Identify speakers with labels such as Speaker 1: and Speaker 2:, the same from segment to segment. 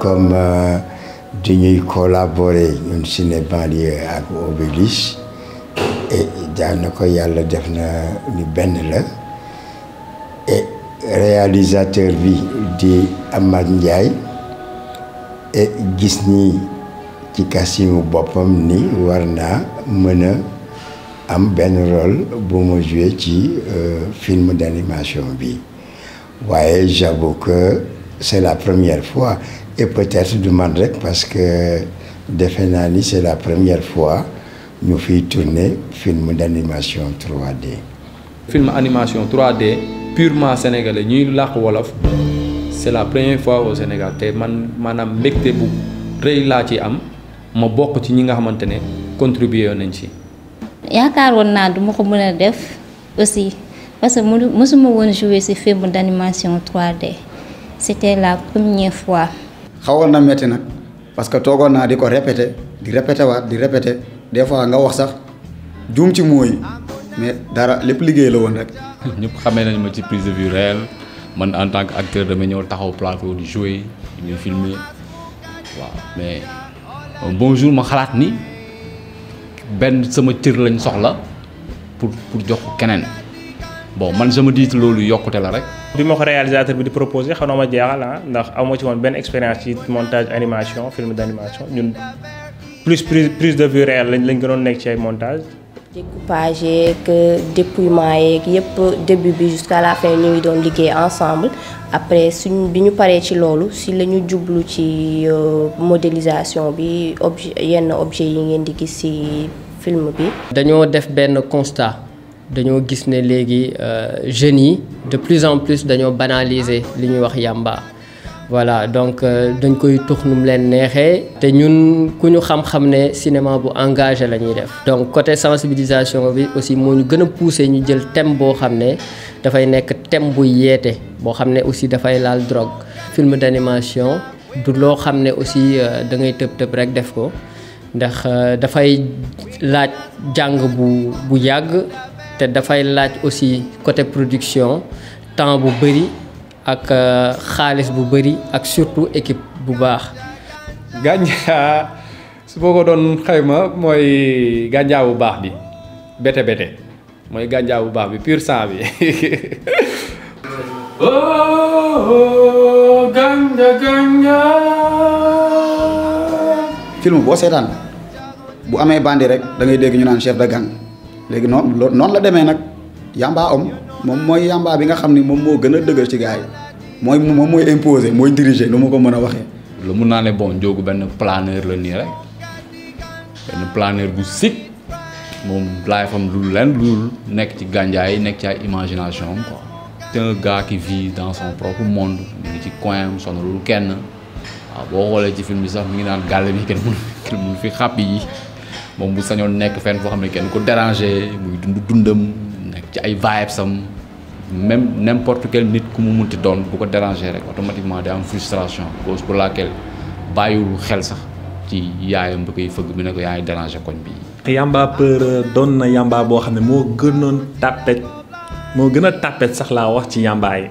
Speaker 1: comme euh, dañuy collaborer ñun Ciné Banlieue ak Obélisque et yàlla def na ni benn la réalisateur bi di Amath njaay gis ni ci kasimu boppam ni war naa mën am benn rôle bu ma joué ci euh, film d'animation bi. waaye j'avoue que c'est la première fois et peut du man rek parce que defe naa ni c'est la première fois ñu fiy tourner film d'animation 3 de
Speaker 2: film animation trois d purement sénégalais ñuy làkk wolof c'est la première fois au Sénégal te man maanaam mbégte bu rëy laa ci am ma bokk ci ñi nga xamante ne contribué nañ ci.
Speaker 3: yaakaar woon naa du ko mën a def aussi. parce que mësuma woon jouer ci film d'animation 3D c'était la première fois.
Speaker 4: xawoon na métti nag parce que toogoon naa di ko répété di répété waat di répété des fois nga wax sax juum ci mooy mais dara lépp liggéey la woon rek.
Speaker 5: ñëpp xamee nañ ma ci prise de vue réelle man en tant que acteur dama ñëw taxaw plateau di jouer di filmer waaw mais bonjour ma xalaat ni benn sama cër lañ soxla pour pour jox ko keneen. bon man je me dis loolu yokkute la rek.
Speaker 6: bi ma ko réalisateur bi di proposé xaw ma jeexal ah ndax aw ma ci woon benn expérience ci montage animation film d' animation ñun plus prise de vue réelle lañ lañ gënoon nekk ci ay montage.
Speaker 7: découpage yeeg yëpp début bi jusqu'à la fin ñu ngi doon liggéey ensemble après suñ bi ñu paree ci loolu si la jublu ci euh, modélisation bi objet yenn objet yi ngeen di gis ci film bi.
Speaker 8: dañoo def benn constat. dañoo gis ne léegi euh, jeunes yi de plus en plus dañoo banaliser li ñuy wax yàmba voilà donc euh, dañ koy tux nu mu leen neexee te ñun ku ñu xam-xam ne cinéma bu engagé la ñuy def donc côté sensibilisation bi aussi moo ñu gën a poussé ñu jël thème boo xam ne dafay nekk thème bu yeete boo xam ne aussi dafay laal drogue film d'animation du loo xam ne aussi euh, da ngay tëb tëb rek def ko ndax dafay laaj jàng bu bu yàgg te dafay laaj aussi côté production temps bu bëri ak euh, xaalis bu bëri ak surtout équipe bu baax.
Speaker 2: gàncax ah, su boo ko doon xayma mooy gàncax bu baax bi bete bete mooy gàncax bu baax bi pur sang bi. gànja oh, oh, oh, gànja.
Speaker 4: film boo seetaan bu amee bandi rek da ngay dégg ñu naan chef de gang. léegi noonu loo noonu la demee nag yamba om moom mooy yamba bi nga xam ni moom moo gën a dëgër ci gaa yi mooy moom mooy imposer mooy diriger lu ma ko mën a waxee.
Speaker 5: lu mun naa ne bon Ndiogou benn planeur la nii rek benn planeur bu sikk moom laay fam lu leen lu nekk ci yi nekk ci ay imagination am quoi. c'est un gars qui vit dans son propre monde mu ngi ci coin am sonalul kenn waaw boo xoolee ci film bi sax mu ngi naan gàll bi kenn mënu kenn fi xàpp yi. moom bu sañoon nekk fenn foo xam ne kenn ko déranger muy dund dundam nekk ci ay vibes am même n'importe quel nit ku mu munti doon bu ko déranger rek automatiquement day am frustration cause pour laquelle bàyyiwul xel sax ci yaayam ba koy fëgg bi ne ko yaa ngi déranger koñ bi. Yamba Peur euh, doon
Speaker 9: na Yamba boo xam ne moo gënoon tàppet moo gën a tàppet sax laa wax ci Yamba yi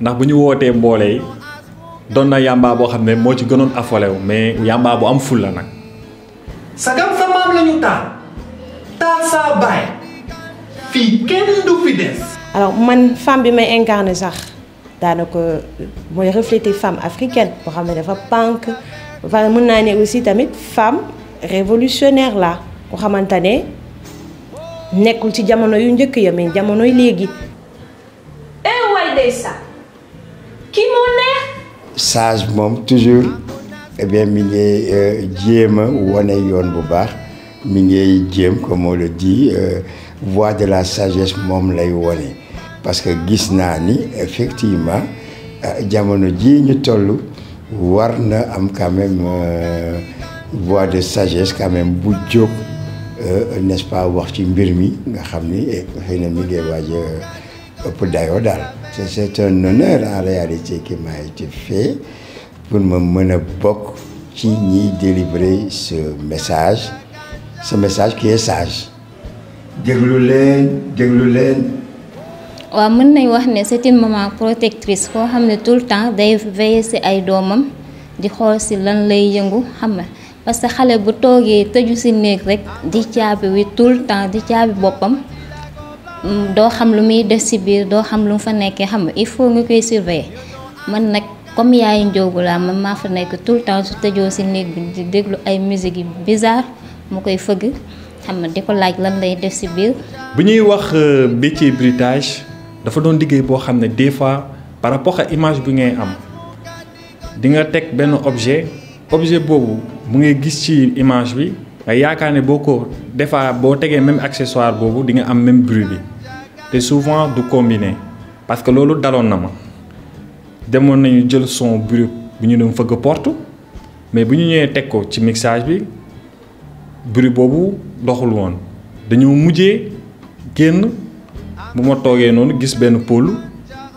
Speaker 9: ndax bu ñu wootee mboole doon na Yamba boo xam ne moo ci gënoon affolé wu mais Yamba bu am ful la
Speaker 10: sagam sa maam la taal taal saa baay fii kenn du fi des. alors man femme bi may incarné sax daanaka mooy refléter femme africaine boo xam ne dafa pànk fa mën naa ne aussi tamit femme révolutionnaire la ko xamante ne nekkul ci jamono yu njëkk ya mais jamono léegi. eh waay ndeysaan kii moo
Speaker 1: neex. sage moom toujours. eh mi ngi euh, jéem a wane yoon bu baax mi ngi jéem comme on le dit euh, voie de la sagesse moom lay wane parce que gis naa ni effectivement euh, jamono ji ñu toll war na am quand voie de sagesse quand bu jóg nest pas wax ci mbir mi nga xam ni eh, xëy na mi ngi waaj ëpp dayoo daal c'est un honneur en réalité qui m'a été fait pour ma mën a bokk ci ñiy délivrer ce message ce message qui est sage. déglu leen déglu leen.
Speaker 3: waaw mën nañ wax ne c'est une maman protectrice foo xam ne tout le temps day veiller ci ay doomam di xool ci lan lay yëngu xam na parce que xale bu toogee tëju ci néeg rek di caabi wi tout le temps di caabi boppam mm, doo xam lu muy def ci biir doo xam lu mu fa nekkee xam nga il faut nga koy surveiller mën nag. comme yaayu njoogu laa man maa fa nekk tout le temps su tëjoo si néeg bi di déglu ay musique yi bizarre mu koy fëgg xam nga di ko laaj lan lay def si biir.
Speaker 9: bu ñuy wax euh, métier britage dafa doon liggéey boo xam ne des fois par rapport ak image bi ngay am di nga teg benn objet objet boobu mu ngay gis ci image bi nga yaakaar ne boo ko des boo tegee même accessoire boobu di nga am même bruit bi te souvent du combiner parce que loolu daloon na ma. demoon nañu jël son brut bu ñu dem fëgg porte mais bu ñu ñëwee teg ko ci mixage bi bruit boobu doxul woon dañoo mujjee génn bu ma toogee noonu gis benn pôle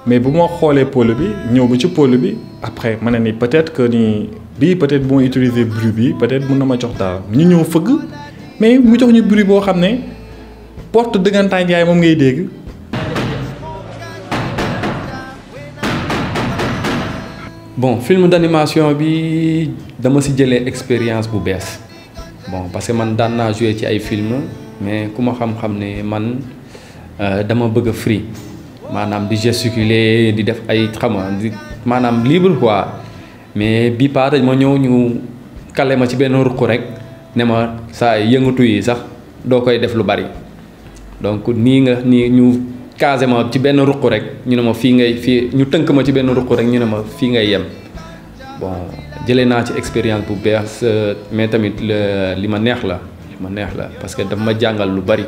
Speaker 9: mais bu ma xoolee pôle bi ñëw ba ci pôle bi après ma na ni peut-être que ni bii peut-être bu ma utiliser bruit bi peut-être mun na ma jox dara ñu ñëw fëgg mais mu jox ñu bruit boo xam ne
Speaker 2: porte dëggantaay jaay moom ngay dégg. bon film d'animation bii dama si jëlee expérience bu bees bon parce que man daan naa joué ci ay film mais ku ma xam-xam ne man euh, dama bëgg a free maanaam di gesticuler di def ay xama maanaam libre quoi mais bi paa dañ ma ñëw ñu kale ma ci benn ruq rek ne ma saa yëngatu yi sax doo koy def lu bari donc nii nga nii ñu. casé ma ci benn ruq rek ñu ne ma fii ngay fii ñu tënk ma ci benn ruq rek ñu ne ma fii ngay yem bon jëlee naa ci expérience bu beex mais tamit li ma neex la li ma neex la parce que daf ma jàngal lu bari.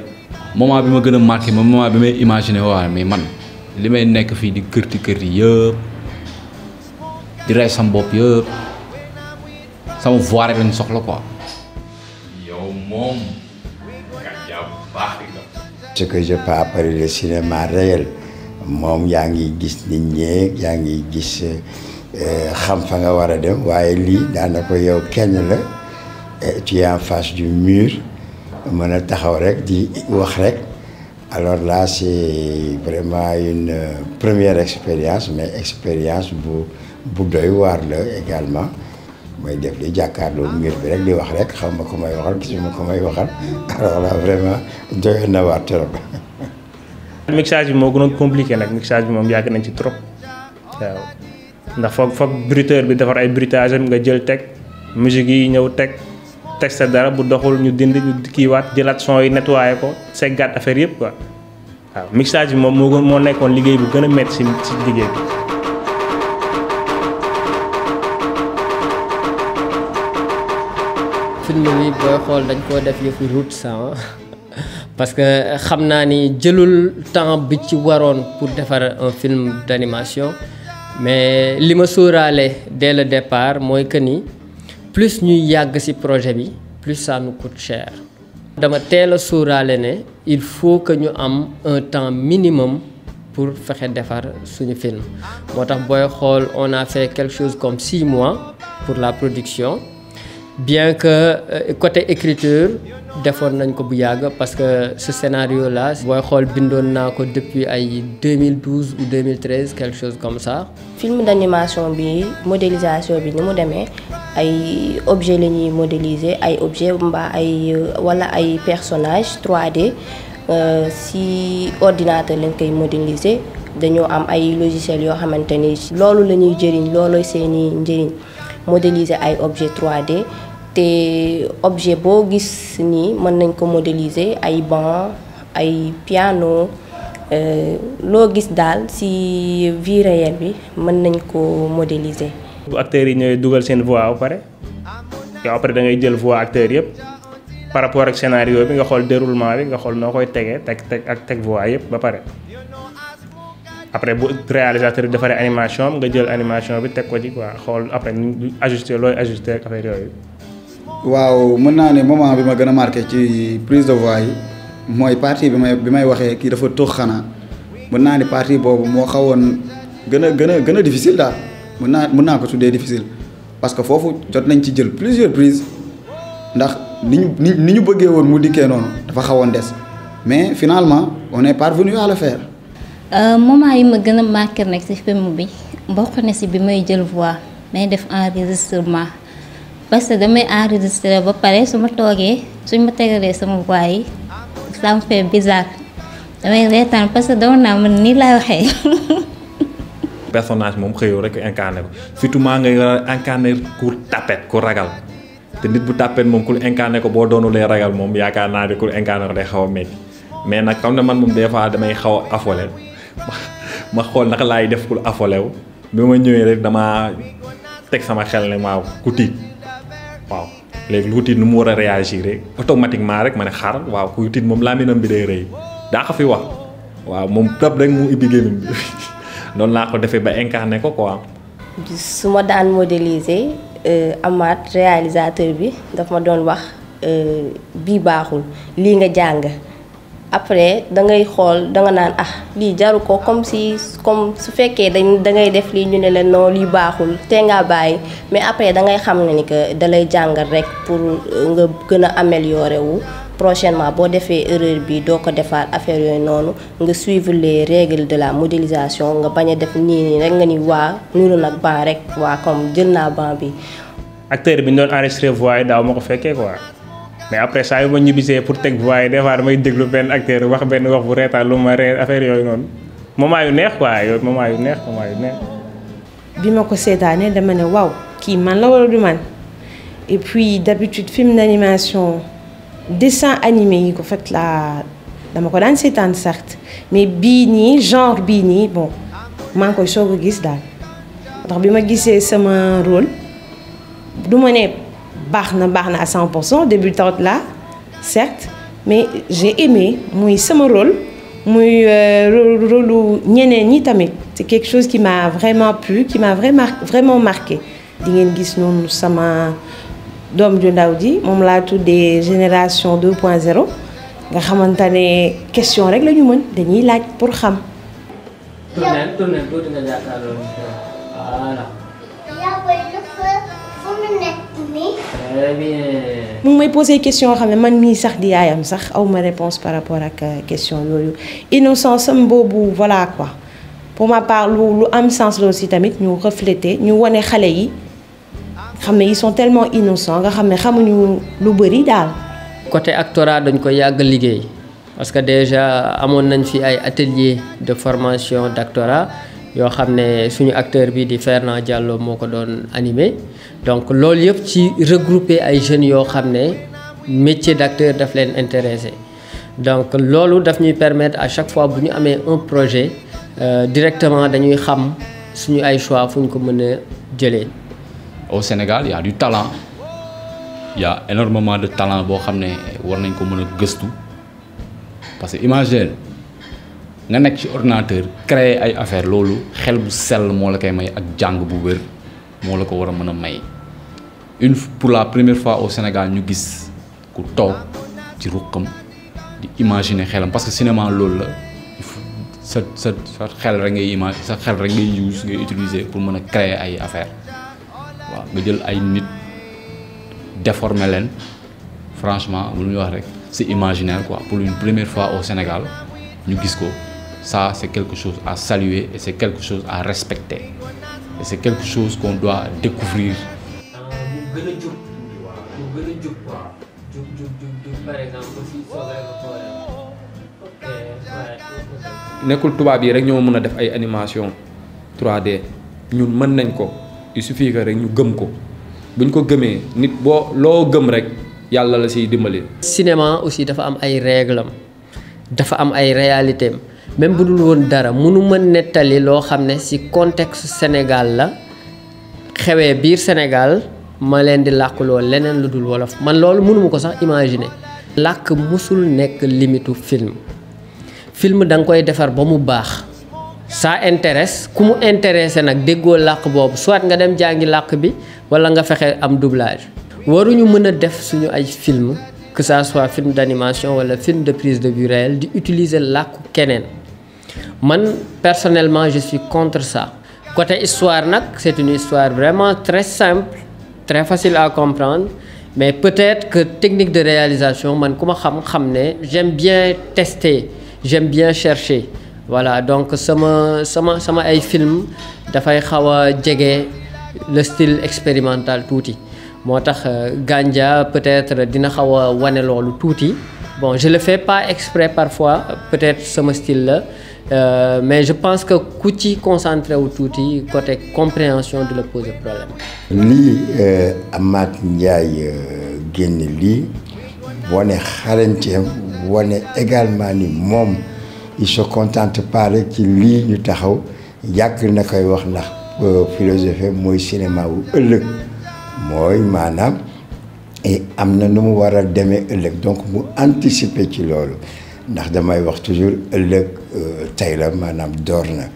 Speaker 2: moment bi ma gën a marqué moom moment bi may imaginer waaye mais man li may nekk fii di kërti
Speaker 5: kërti yëpp di rey sam bopp yëpp sama voix rek lañ soxla quoi. yow
Speaker 1: ce que je peux appeler le cinéma réel moom yaa ngi gis nit ñeeg yaa ngi gis euh, xam fa nga war a dem waaye lii daanaka yow kenn la tu es en face du mur mën a taxaw rek di wax rek alors là c'est vraiment une euh, première expérience mais expérience bu bu doy waar la également mooy def di jàkkaarloo mbir bi rek di wax rek xaw ma ko may waxal ma ko may waxal alors là vraiment doyoon na waat trop. mixage bi moo gënoon compliqué nag mixage moom yàgg nañ ci trop
Speaker 6: waaw ndax foog foog bruiteur bi defar ay bruitage am nga jël teg musique yi ñëw teg sa dara bu doxul ñu dindi ñu kiiwaat jëlaat son yi nettoyé ko seggaat affaire yëpp quoi waaw mixage bi moom moo moo nekkoon liggéey bu gën a métti si si liggéey
Speaker 8: bi. film bi booy xool dañ koo def yëfu route sans parce que xam naa ni jëlul temps bi ci waroon pour defar un film d'animation mais li ma sóoraale dès le départ mooy que ni plus ñuy yàgg ci projet bi plus ça nous coûte dama teel a sóoraale ne il faut que ñu am un temps minimum pour fexe defar suñu film moo tax booy xool on a fait quelque chose comme six mois pour la production. bien que euh, côté écriture defoon nañ ko bu yàgg parce que ce scénario là booy xool bindoon naa ko depuis ay 2012 ou 2013 quelque chose comme ça
Speaker 7: film d'animation bi modélisation bi ni mu demee ay objet lañuy ñuy modéliser ay objet mbaa ay euh, wala ay personnage 3D euh, si ordinateur lañ koy modéliser dañoo am ay logiciels yoo xamante ni loolu la ñuy jëriñ loolooy seeni njëriñ modéliser ay objet 3D te objet boo gis nii mën nañ ko modéliser ay banc ay piano euh, loo gis daal ci vie bi mën nañ ko modéliser.
Speaker 6: bu acteurs yi ñooy dugal seen voix ba pare yow après da ngay jël voix acteur yëpp par rapport ak scénario bi nga xool déroulement bi nga xool noo koy tegee teg teg ak teg voix yëpp ba pare. après bu réalisateur bi defaree animation nga jël animation bi teg ko ci quoi xool après ñu ajusté looy ajusté ak affaire
Speaker 4: yi waaw mën naa ne moment bi ma gën a marqué ci prise de voix yi mooy partie bi may bi may waxee kii dafa tux xanaa mën naa ne partie boobu moo xawoon gën a gën a gën a difficile daal mën naa mën naa ko tuddee difficile parce que foofu jot nañ ci jël plusieurs prises ndax ni ñu ni ñu bëggee woon mu dikkee noonu dafa xawoon des mais finalement on est parvenu à le faire.
Speaker 3: Euh, moment yi ma gën a marqué nag ci film bi bokk na si bi may jël voix may def en enregistrement. parce que damay enregistré ba pare su ma toogee suñ ma tegalee sama voix yi ça me fait damay reetaan parce que dama naa man ni laay waxee.
Speaker 9: personnage moom xëyoo rek incarné ko surtout maa ngay incarné ku tapet ku ragal te nit bu tapet moom ku incarné ko boo doonu doonulee ragal moom yaakaar naa ne ku incarné ko day xaw a métti mais nag xam ne man moom des fois damay xaw a ma xool naka laay def ku affolé wu bi ma ñëwee rek damaa teg sama xel ne waaw waaw léegi lu ko tiit nu mu war a réagir rek automatiquement rek ma ne xaaral waaw kuy tiit moom làmmiñam bi day rëy daa ko fi wax waaw moom tab rek mu ibbi gémmiñ bi noonu laa ko defee ba incarné ko ko quoi.
Speaker 7: su ma daan modéliser euh, amaat réalisateur bi daf ma doon wax euh, bii baaxul lii nga jàng. après da ngay xool da nga naan ah lii jaru ko comme si comme su fekkee dañ da ngay def lii ñu ne la non lii baaxul te ngaa bàyyi mais après da ngay xam ne ni que da lay jàngal rek pour euh, nga gën a améliorer wu prochainement boo defee erreur bi doo ko defaat affaire yooyu noonu nga suivre les règles de la modélisation nga bañ a def nii nii rek nga ni waa nuru nag ban rek waa comme jël naa ban bi.
Speaker 6: acteur bi ñu doon enregistré voix yi daaw ma ko fekkee quoi. mais après saa yu ma ñibbisee pour teg voix yi des fois damay déglu benn acteur wax benn wax bu reetaan lu ma reer affaire yooyu noonu moment yu neex quoi yooyu moment yu neex moment
Speaker 10: yu neex. bi ma ko seetaanee dama ne waaw kii man la wala du man et puis d'habitude film d'animation dessin animé yi ko fait la dama ko daan seetaan certes mais bii nii genre bii nii bon maa ngi koy soog a gis daal ndax bi ma gisee sama rôle du ma ne. baax na baax na à 100 pour cent débutante là certes mais j'ai aimé muy sama rôle muy euh, rôle lu ñeneen ñi tamit c'est quelque chose qui m'a vraiment plu qui m'a vraiment vraiment marqué di ngeen gis noonu sama doom ju ndaw ji moom laa tuddee génération 2.0 nga xamante ne question rek la ñu mën dañuy laaj pour xam. Euh, mu ngi may posé question yoo xam ne man mii sax di yaayam sax aw ma réponse par rapport ak euh, question yooyu innocence sam boobu voilà quoi pour ma part lu lu am sens loolu si tamit ñu refléter ñu wane xale yi xam ne ils sont tellement innocents nga xam ne xamuñu lu bëri daal.
Speaker 8: côté actorat dañ koy yàgg liggéey parce que déjà amoon nañ fi ay atelier de formation d'actorat yoo xam ne suñu acteur bi di Fernand Diallo moo ko doon animé. donc loolu yëpp ci regrouper ay jeunes yoo xam ne métier d'acteur daf leen intéressé donc loolu daf ñuy permettre à chaque fois bu ñu amee un projet euh, directement dañuy xam suñu ay choix fu ñu ko mën a jëlee.
Speaker 5: au Sénégal il y a du talent il y de talent boo xam ne war nañ ko mën a gëstu parce que imagine nga nekk ci ordinateur créer ay affaires loolu xel bu sell moo la koy may ak jàng bu wér. moo la ko war a mën a may une pour la première fois au Sénégal ñu gis ku toog ci ruqam di imaginer xelam parce que cinéma loolu la sa sa sa xel rek ngay image sa xel rek ngay use ngay utiliser pour mën a créer ay affaire waa nga jël ay nit déformer leen franchement lu ñuy wax rek si imaginaire quoi pour une première fois au Sénégal ñu gis ko ça c'est quelque chose à saluer et c'est quelque chose à respecter et c'est quelque chose qu'on doit découvrir.
Speaker 8: mu gën
Speaker 2: nekkul tubaab yi rek ñoo mën a def ay animation trois d ñun mën nañ ko il suffit rek ñu gëm ko buñ ko gëmee nit boo loo gëm rek yàlla la siy dimbali.
Speaker 8: cinéma aussi dafa am ay réglam dafa am ay réalités même bu dul woon dara mënu ma nettali loo xam ne ci contexte Sénégal la xewee biir Sénégal ma leen di làkkuloo leneen lu dul wolof man loolu mënu ko sax imaginer. làkk mosul nekk limitu film film da nga koy defar ba mu baax saa intéresse ku mu intéressé nag déggoo làkk boobu soit nga dem jàngi làkk bi walla nga fexe am doublage. waruñu mën a def suñu ay film que ça soit film d'animation walla film de prise de vue di utiliser làkku keneen. man personnellement je suis contre sa côté histoire nag c'est une histoire vraiment très simple très facile à comprendre mais peut-être que technique de réalisation man ku ma xam xam ne j'aime bien tester j'aime bien chercher voilà donc sama sama sama ay film dafay xaw a jege le style expérimentale tuuti moo tax euh, Gandia peut-être dina xaw a wane loolu tuuti bon je le fais pas exprès parfois peut-être sama style la Euh, mais je pense que ku ci concentré wu tuuti côté compréhension du la poser problème.
Speaker 1: lii euh, Amath Ndiaye euh, génn lii wane xarañteem wane également ni moom il se contente pas ci lii ñu taxaw yàgg na koy wax ndax philosophie mooy cinéma wu ëllëg mooy maanaam am na nu mu war a demee ëllëg donc mu anticiper ci loolu. ndax damay wax toujours ëllëg euh, tey la maanaam door na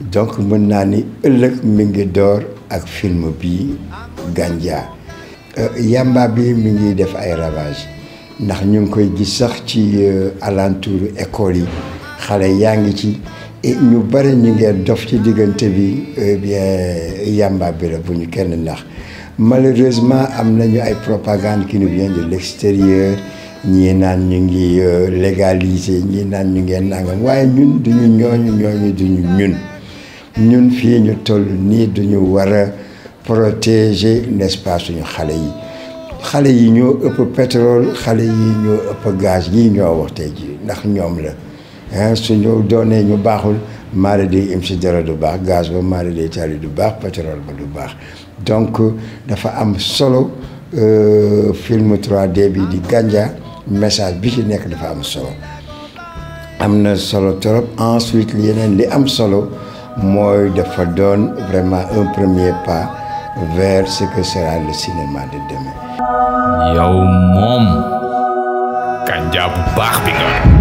Speaker 1: donc mën naa ni ëllëg mi ngi door ak film bi ganja euh, yamba bi mi ngi def ay ravage ndax ñu ngi koy gis sax ci euh, alentour école yi xale yaa ngi ci ñu bari ñu ngeen dof ci diggante bi bien yamba bi la bu ñu kenn ndax malheureusement am nañu ay propagande qui nous vient de l'extérieur ñii naan ñu ngi euh, légaliser ñii naan ñu ngeen nangam waaye ñun duñu ñooñu ñooñu duñu ñun ñun fii ñu toll nii duñu war a protéger n'est-ce suñu xale yi xale yi ñoo ëpp pétrole xale yi ñoo ëpp gaz yi ñoo wax ji ndax ñoom la ah suñu doonee ñu baaxul maara day si dara du baax gaz ba maara day tali du baax pétrole ba du baax donc dafa am solo euh, film 3D bi di Ganja message bi ci nekk dafa am solo am na solo trop ensuite yeneen li am solo mooy dafa doon vraiment un premier pas vers ce que sera le cinéma de demain. yow bu baax bi nga.